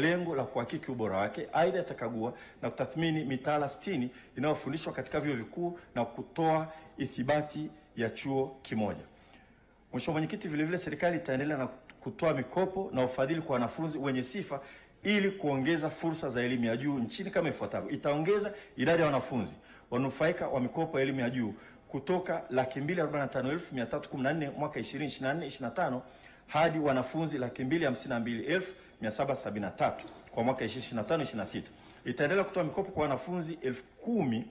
lengo la kuhakiki ubora wake. Aidha, itakagua na kutathmini mitaala 60 inayofundishwa katika vyuo vikuu na kutoa ithibati ya chuo kimoja. Mheshimiwa Mwenyekiti, vilevile serikali itaendelea na kutoa mikopo na ufadhili kwa wanafunzi wenye sifa ili kuongeza fursa za elimu ya juu nchini kama ifuatavyo: itaongeza idadi ya wanafunzi wanufaika wa mikopo ya elimu ya juu kutoka laki mbili mwaka 2024 25 hadi wanafunzi laki mbili 773 kwa mwaka 2025 26 itaendelea kutoa mikopo kwa wanafunzi 10,000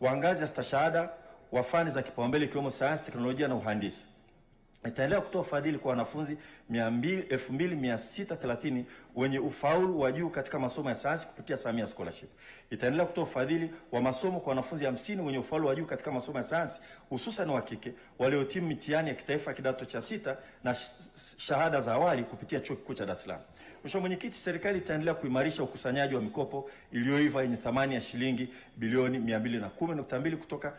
wa ngazi ya stashahada wa fani za kipaumbele ikiwemo sayansi, teknolojia na uhandisi itaendelea kutoa ufadhili kwa wanafunzi 2630 wenye ufaulu wa juu katika masomo ya sayansi kupitia Samia Scholarship. Itaendelea kutoa ufadhili wa masomo kwa wanafunzi 50 wenye ufaulu wa juu katika masomo ya sayansi hususan wa kike waliotimu mitihani ya kitaifa kidato cha sita na shahada za awali kupitia Chuo Kikuu cha Dar es Salaam. Mheshimiwa Mwenyekiti, serikali itaendelea kuimarisha ukusanyaji wa mikopo iliyoiva yenye thamani ya shilingi bilioni 210.2 kutoka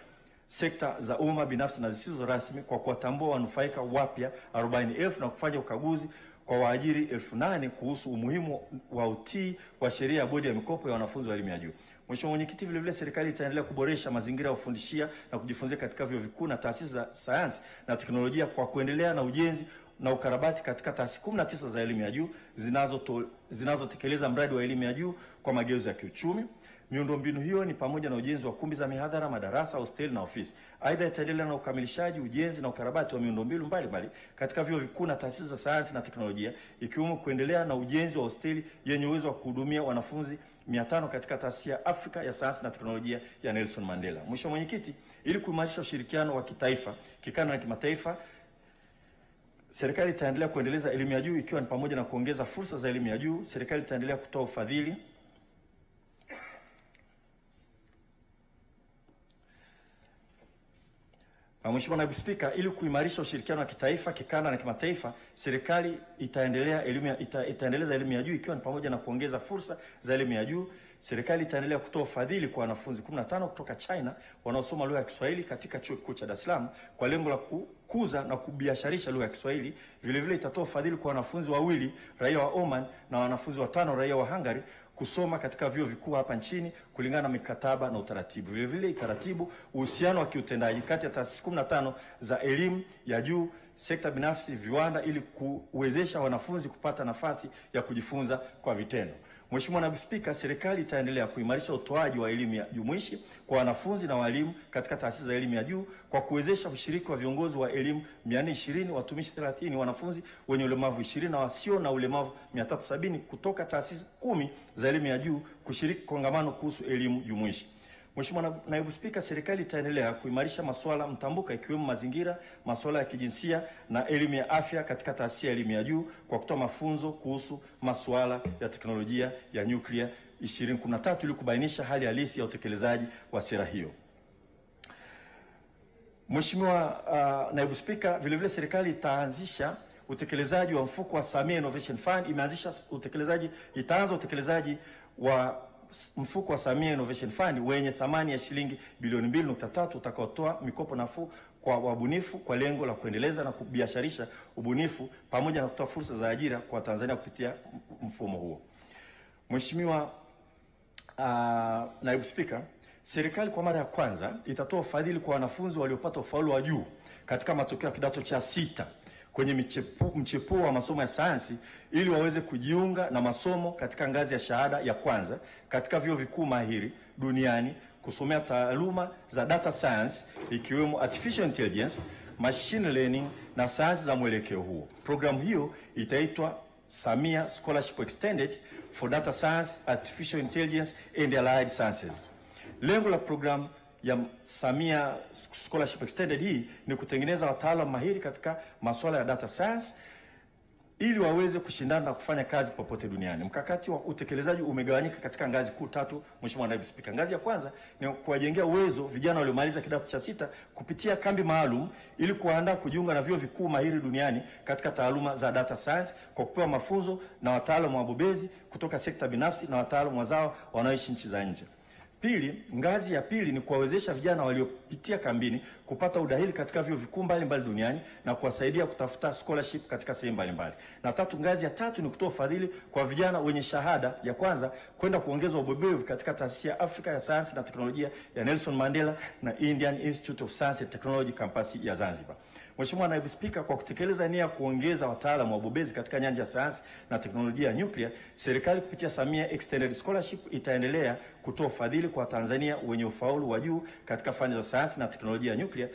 sekta za umma, binafsi na zisizo rasmi kwa kuwatambua wanufaika wapya 40,000 na kufanya ukaguzi kwa waajiri elfu nane kuhusu umuhimu wa utii wa sheria ya bodi ya mikopo ya wanafunzi wa elimu ya juu. Mheshimiwa Mwenyekiti, vile vile serikali itaendelea kuboresha mazingira ya kufundishia na kujifunzia katika vyuo vikuu na taasisi za sayansi na teknolojia kwa kuendelea na ujenzi na ukarabati katika taasisi 19 za elimu ya juu zinazotekeleza zinazo mradi wa elimu ya juu kwa mageuzi ya kiuchumi. Miundombinu hiyo ni pamoja na ujenzi wa kumbi za mihadhara, madarasa, hosteli na ofisi. Aidha, itaendelea na ukamilishaji, ujenzi na ukarabati wa miundombinu mbalimbali katika vyuo vikuu na taasisi za sayansi na teknolojia, ikiwemo kuendelea na ujenzi wa hosteli yenye uwezo wa kuhudumia wanafunzi 500 katika taasisi ya Afrika ya sayansi na teknolojia ya Nelson Mandela. Mwisho mwenyekiti, ili kuimarisha ushirikiano wa kitaifa, kikanda na kimataifa Serikali itaendelea kuendeleza elimu ya juu ikiwa ni pamoja na kuongeza fursa za elimu ya juu. Serikali itaendelea kutoa ufadhili Mheshimiwa Naibu Spika, ili kuimarisha ushirikiano wa kitaifa, kikanda na kimataifa, serikali itaendelea elimu ita, itaendeleza elimu ya juu ikiwa ni pamoja na kuongeza fursa za elimu ya juu. Serikali itaendelea kutoa ufadhili kwa wanafunzi 15 kutoka China wanaosoma lugha ya Kiswahili katika Chuo Kikuu cha Dar es Salaam kwa lengo la kukuza na kubiasharisha lugha ya Kiswahili. Vilevile itatoa ufadhili kwa wanafunzi wawili raia wa Oman na wanafunzi watano raia wa Hungary kusoma katika vyuo vikuu hapa nchini kulingana na mikataba na utaratibu. Vilevile taratibu uhusiano wa kiutendaji kati ya taasisi 15 za elimu ya juu, sekta binafsi, viwanda ili kuwezesha wanafunzi kupata nafasi ya kujifunza kwa vitendo. Mheshimiwa Naibu Spika, serikali itaendelea kuimarisha utoaji wa elimu ya jumuishi kwa wanafunzi na walimu katika taasisi za elimu ya juu kwa kuwezesha ushiriki wa viongozi wa elimu 420, watumishi 30, wanafunzi wenye ulemavu 20 na wasio na ulemavu 370 kutoka taasisi kumi za elimu ya juu kushiriki kongamano kuhusu elimu jumuishi. Mheshimiwa Naibu Spika, serikali itaendelea kuimarisha masuala mtambuka ikiwemo mazingira, masuala ya kijinsia na elimu ya afya katika taasisi ya elimu ya juu kwa kutoa mafunzo kuhusu masuala ya teknolojia ya nyuklia 2013 ili kubainisha hali halisi ya utekelezaji wa sera hiyo. Mheshimiwa uh, Naibu Spika, vilevile serikali itaanzisha utekelezaji wa mfuko wa Samia Innovation Fund, imeanzisha utekelezaji, itaanza utekelezaji wa mfuko wa Samia Innovation Fund wenye thamani ya shilingi bilioni 2.3 utakaotoa mikopo nafuu kwa wabunifu kwa lengo la kuendeleza na kubiasharisha ubunifu pamoja na kutoa fursa za ajira kwa Tanzania kupitia mfumo huo. Mheshimiwa uh, Naibu Spika, serikali kwa mara ya kwanza itatoa ufadhili kwa wanafunzi waliopata ufaulu wa juu katika matokeo ya kidato cha sita kwenye mchepuo mchepu wa masomo ya sayansi ili waweze kujiunga na masomo katika ngazi ya shahada ya kwanza katika vyuo vikuu mahiri duniani kusomea taaluma za data science ikiwemo artificial intelligence, machine learning na sayansi za mwelekeo huo. Programu hiyo itaitwa Samia Scholarship Extended for Data Science, Artificial Intelligence and Allied Sciences. Lengo la programu ya Samia Scholarship Extended hii ni kutengeneza wataalamu mahiri katika masuala ya data science ili waweze kushindana na kufanya kazi popote duniani. Mkakati wa utekelezaji umegawanyika katika ngazi kuu tatu, Mheshimiwa Naibu Spika. Ngazi ya kwanza ni kuwajengea uwezo vijana waliomaliza kidato cha sita kupitia kambi maalum ili kuwaandaa kujiunga na vyuo vikuu mahiri duniani katika taaluma za data science kwa kupewa mafunzo na wataalamu wabobezi kutoka sekta binafsi na wataalamu wazao wanaoishi nchi za nje. Pili, ngazi ya pili ni kuwawezesha vijana waliopitia kambini kupata udahili katika vyuo vikuu mbalimbali duniani na kuwasaidia kutafuta scholarship katika sehemu mbalimbali. Na tatu, ngazi ya tatu ni kutoa ufadhili kwa vijana wenye shahada ya kwanza kwenda kuongeza ubobevu katika Taasisi ya Afrika ya Sayansi na Teknolojia ya Nelson Mandela na Indian Institute of Science and Technology kampasi ya Zanzibar. Mheshimiwa Naibu Spika, kwa kutekeleza nia ya kuongeza wataalamu wa bobezi katika nyanja ya sayansi na teknolojia ya nyuklia, serikali kupitia Samia Extended Scholarship itaendelea kutoa ufadhili kwa tanzania wenye ufaulu wa juu katika fani za sayansi na teknolojia ya nyuklia.